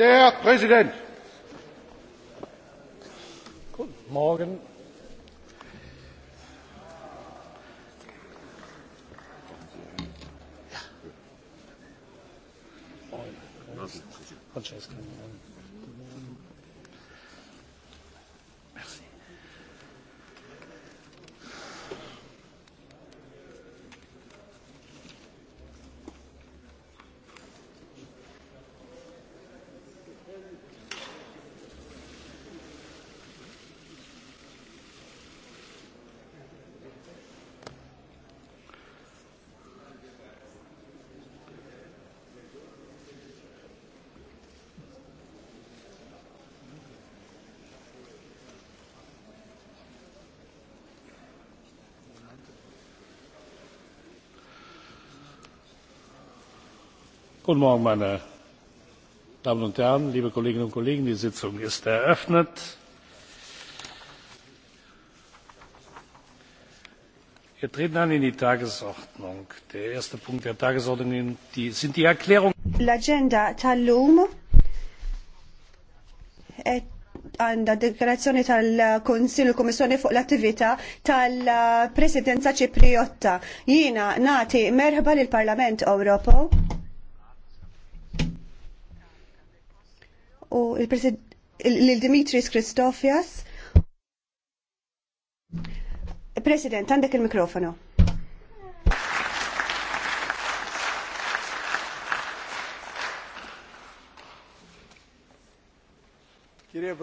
Der Präsident. Guten Morgen. Ja. Francesca. Guten Morgen, meine Damen und Herren, liebe Kolleginnen und Kollegen. Die Sitzung ist eröffnet. Wir treten an in die Tagesordnung. Der erste Punkt der Tagesordnung die, sind die Erklärungen. L'agenda tal-lum għanda deklarazzjoni tal-Konsil u Komissjoni fuq l-attività tal-Presidenza Ċipriotta. Jina nati merħba lill parlament Ewropew u il-Dimitris Kristofias. President, għandek il-mikrofonu. Kirje